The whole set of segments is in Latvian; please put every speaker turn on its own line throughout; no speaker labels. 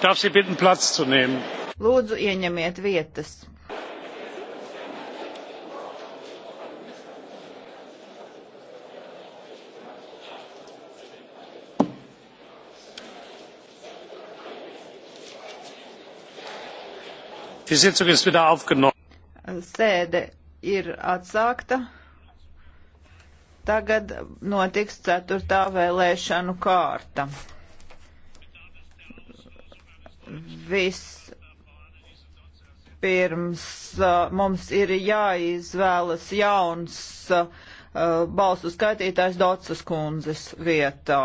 Darf Sie bitten, Platz zu nehmen? Lūdzu, ieņemiet vietas. Die Sitzung ist wieder aufgenommen. Sēde ir atsākta. Tagad notiks ceturtā vēlēšanu kārta. vispirms uh, mums ir jāizvēlas jauns uh, balsu skaitītājs Dotsas kundzes vietā.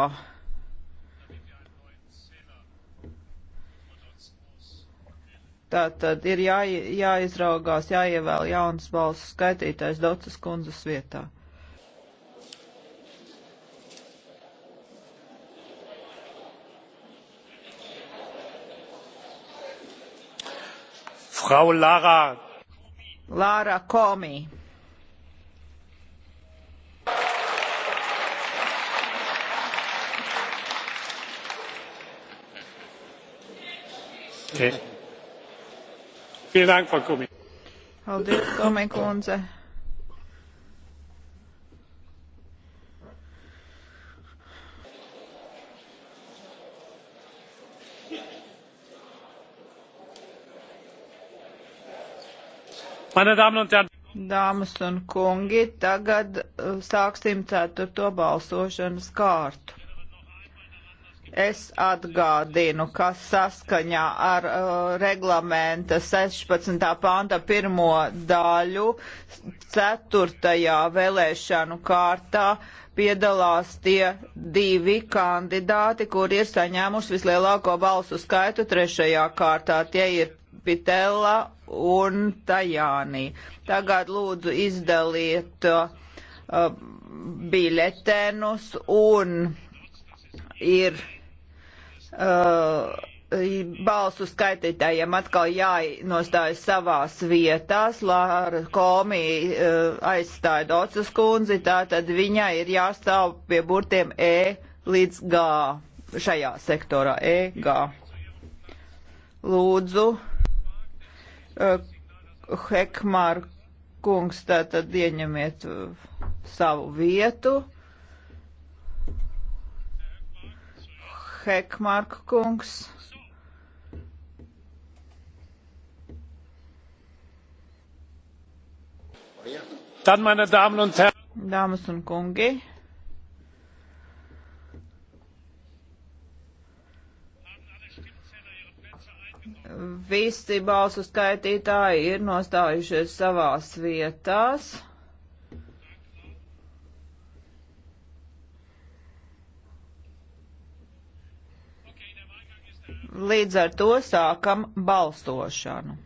Tā tad ir jā, jāizraugās, jāievēl jauns balsu skaitītājs Dotsas kundzes vietā. Frau Lara. Lara Komi. Okay. Vielen Dank, Frau Komi. Paldies, Komi kundze. Dāmas un kungi, tagad uh, sāksim ceturto balsošanas kārtu. Es atgādinu, ka saskaņā ar uh, reglamenta 16. panta pirmo daļu ceturtajā vēlēšanu kārtā piedalās tie divi kandidāti, kuri ir saņēmuši vislielāko balsu skaitu trešajā kārtā. Tie ir Pitela un Tajānī. Tagad lūdzu izdaliet uh, biļetenus un ir uh, balsu skaitītājiem atkal jānostājas savās vietās. Lāra Komī uh, aizstāja Docas kundzi, tātad viņai ir jāstāv pie burtiem E līdz G šajā sektorā E, G. Lūdzu. Eh, Hekmār kungs, tātad ieņemiet eh, savu vietu. Hekmārk kungs. Tad, meine Damen un Herren. Dāmas un kungi. Visi balsu skaitītāji ir nostājušies savās vietās. Līdz ar to sākam balsošanu.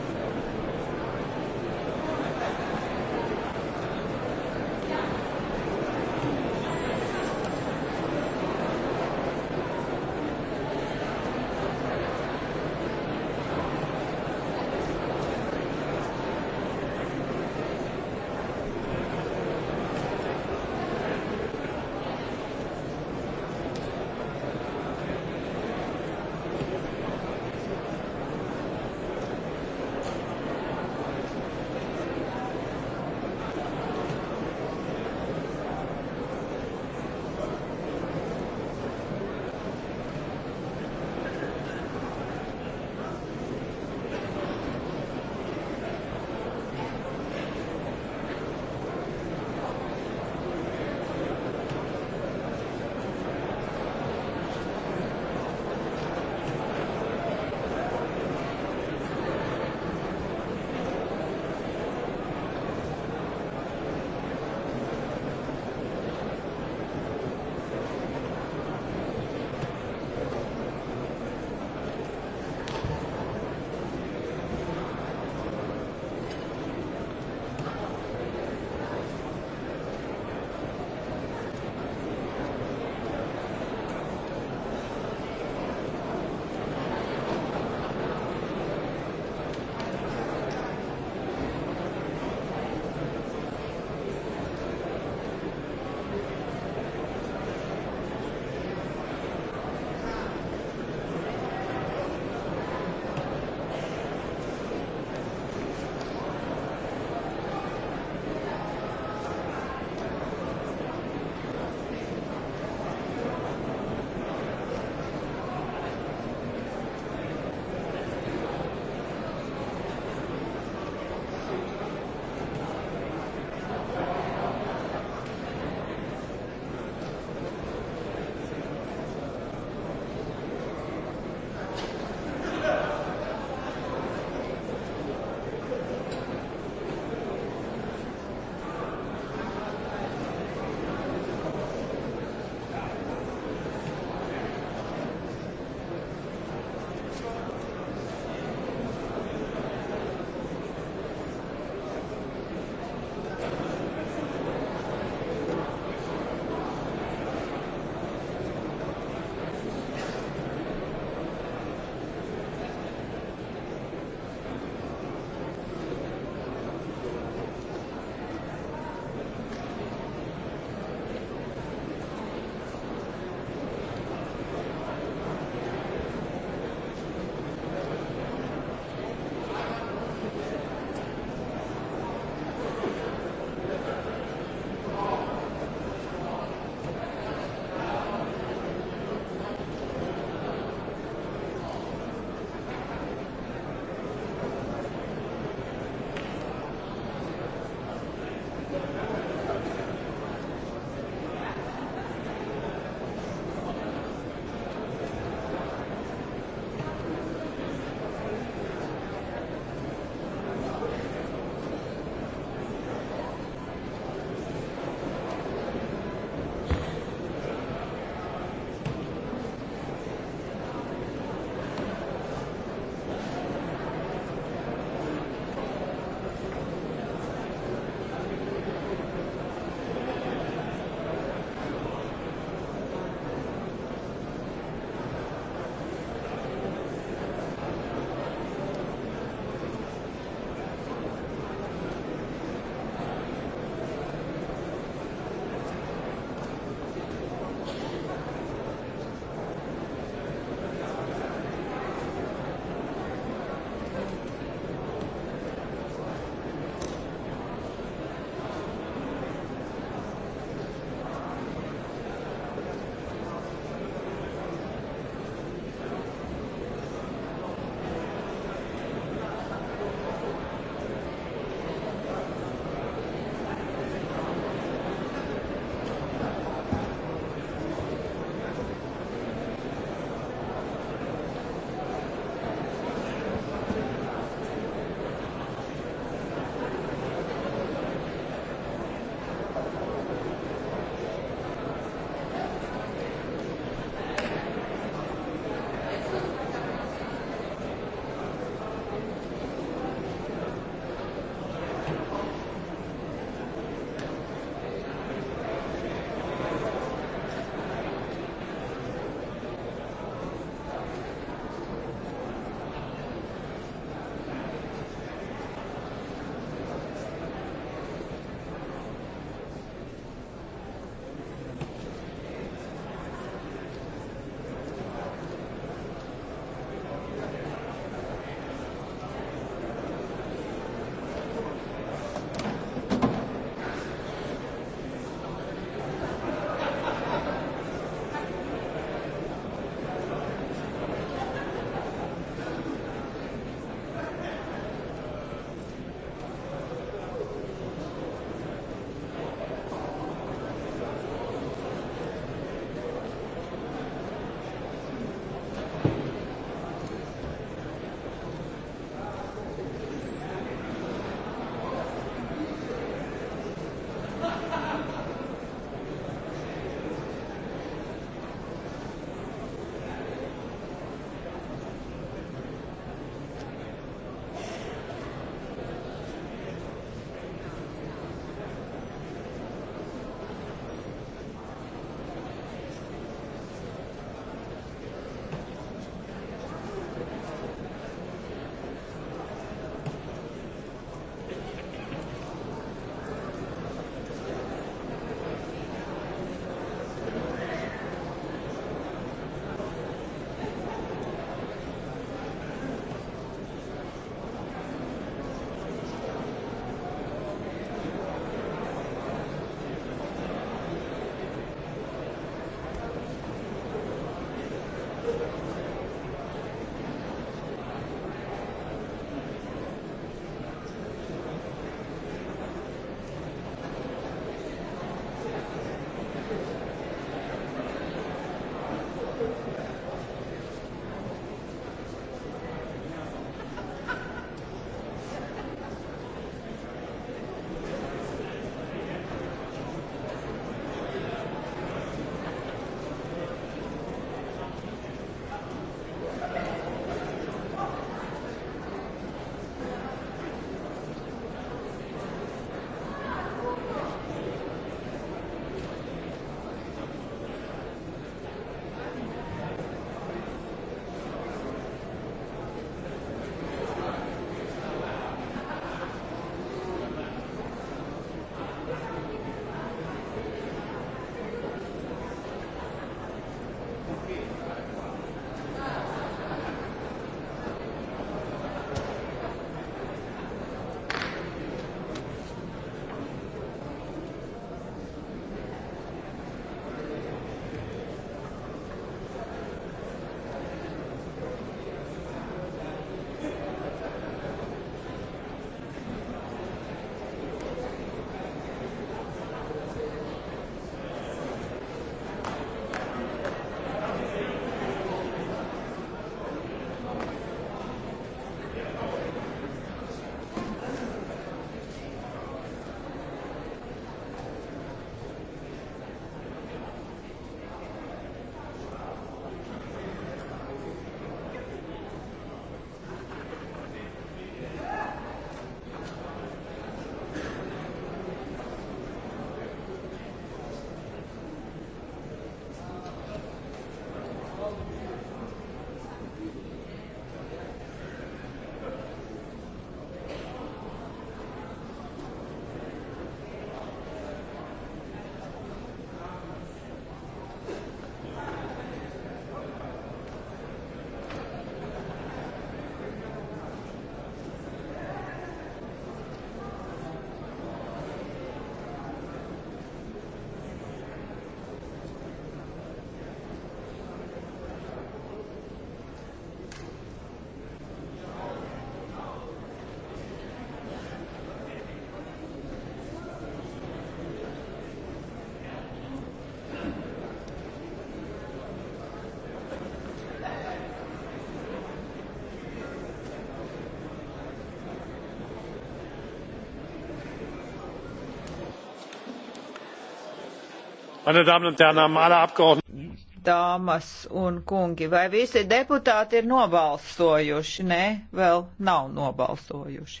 Meine Damen und Herren, haben alle Abgeordneten. Dāmas un kungi, vai visi deputāti ir nobalsojuši? Nē, vēl nav nobalsojuši.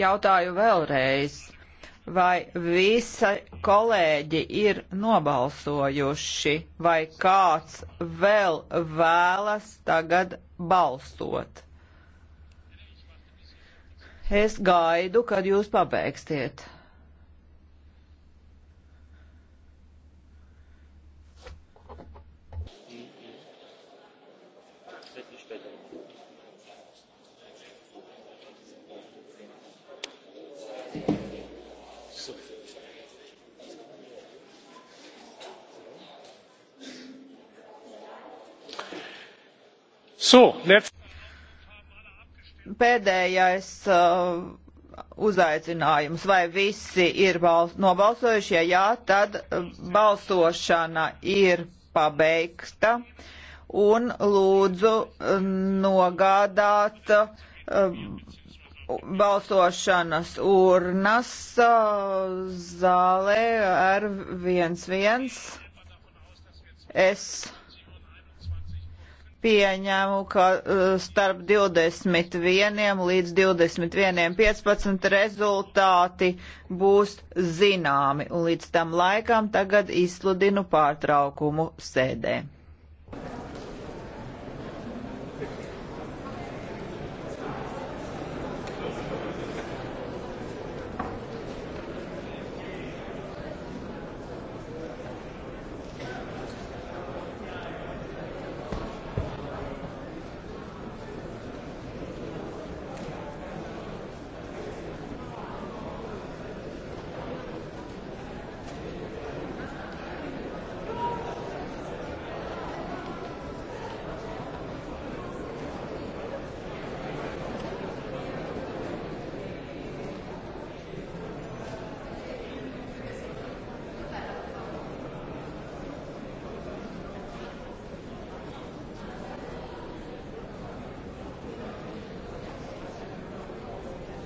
Jautāju vēlreiz, vai visi kolēģi ir nobalsojuši, vai kāds vēl vēlas tagad balsot? Es gaidu, kad jūs pabeigsiet. So, let's pēdējais uh, uzaicinājums. Vai visi ir bals nobalsojušie? Ja jā, tad uh, balsošana ir pabeigta. Un lūdzu uh, nogādāt uh, balsošanas urnas uh, zālē ar 1-1. Es pieņēmu, ka uh, starp 21 līdz 21.15 rezultāti būs zināmi, un līdz tam laikam tagad izsludinu pārtraukumu sēdē.